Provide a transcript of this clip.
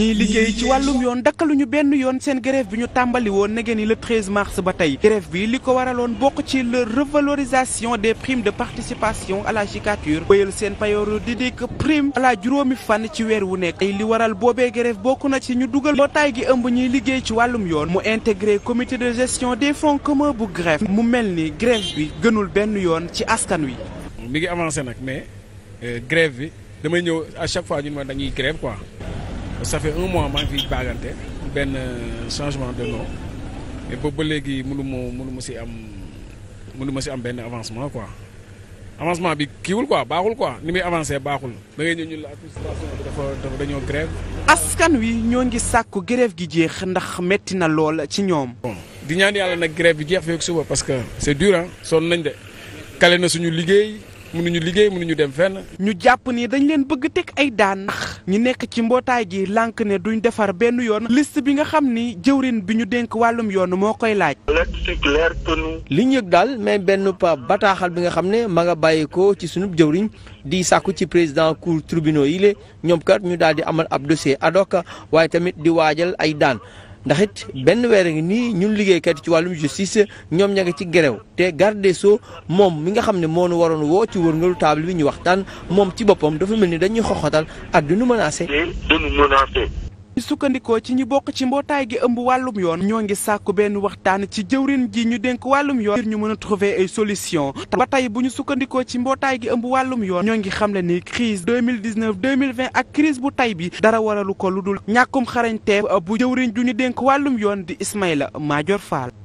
ñiy liggéey ci wàllum yoon dakkaluñu benn yoon seen grève bi ñu tàmbali woon na ngeen le 13 mars ba tey grève bi li ko waraloon bokk ci le revalorisation des primes de participation à la judicature wéyal seen payooru di dikk prime à la juróomi fan ci weer wu nekk tey li waral boobee grève bokk na ci ñu dugal lootaay gi ëmb ñuy liggéey ci wàllum yoon mu intégré comité de gestion des fonds communs bu grève mu mel ni grève bi gënul benn yoon ci askan wi. mi ngi avancé nag mais euh, grève bi damay ñëw à chaque fois ñun ma dañuy grève quoi. ça fait un mois maa ngi fi baagante benn euh, changement de nom mais boobu ba léegi mënu ma mënu ma si am mënu si am benn avancement quoi avancement bi kiiwul quoi baaxul quoi ni muy avancé baaxul da ngay ñëw ñu la administration bi dafa dañoo grève. askan wi ñoo ngi sàkk grève gi jeex ndax metti na lool ci ñoom. bon di ñaan yàlla nag grève bi jeex feeg suba parce que c'est dur ah sonn nañ de kale na suñu liggéey. mënuñu liggéey mënuñu dem fenn. ñu jàpp nii dañu leen bëgg teg ay daan. ndax ñi nekk ci mbootaay ji lànk ne duñ defar benn yoon. liste bi nga xam ni jëwrin bi ñu dénk wàllum yoon moo koy laaj. li ñu yëg daal mais benn pa bataaxal bi nga xam ne ma nga bàyyi ko ci sunub jëwriñ di sàkku ci président cour tribunaux yi ñoom kat ñu daal di amal ab dossier ad waaye tamit di waajal ay daan. ndax it benn weer ngi nii ñun liggéeykat yi ci wàllum justice ñoom ña nga ci grève te garde des moom mi nga xam ne moo nu waroon woo ci wërngalu table wi ñu waxtaan moom ci boppam dafa mel ni dañuy xoxotal ak du nu mën a du ñu sukkandikoo ci ñu bokk ci mbootaay gi ëmb wàllum yoon ñoo ngi sàkku benn waxtaan ci jëwrin ji ñu dénk wàllum yoon ñu mën a trouver ay solution ba tey bu ñu sukkandikoo ci mbootaay gi ëmb wàllum yoon ñoo ngi xam xamle ni crise 2019 2020 ak crise bu tay bi dara waralu ko lu dul ñàkkum xarañte bu jëwrin ju ñu dénk wàllum yoon di la Madior Fall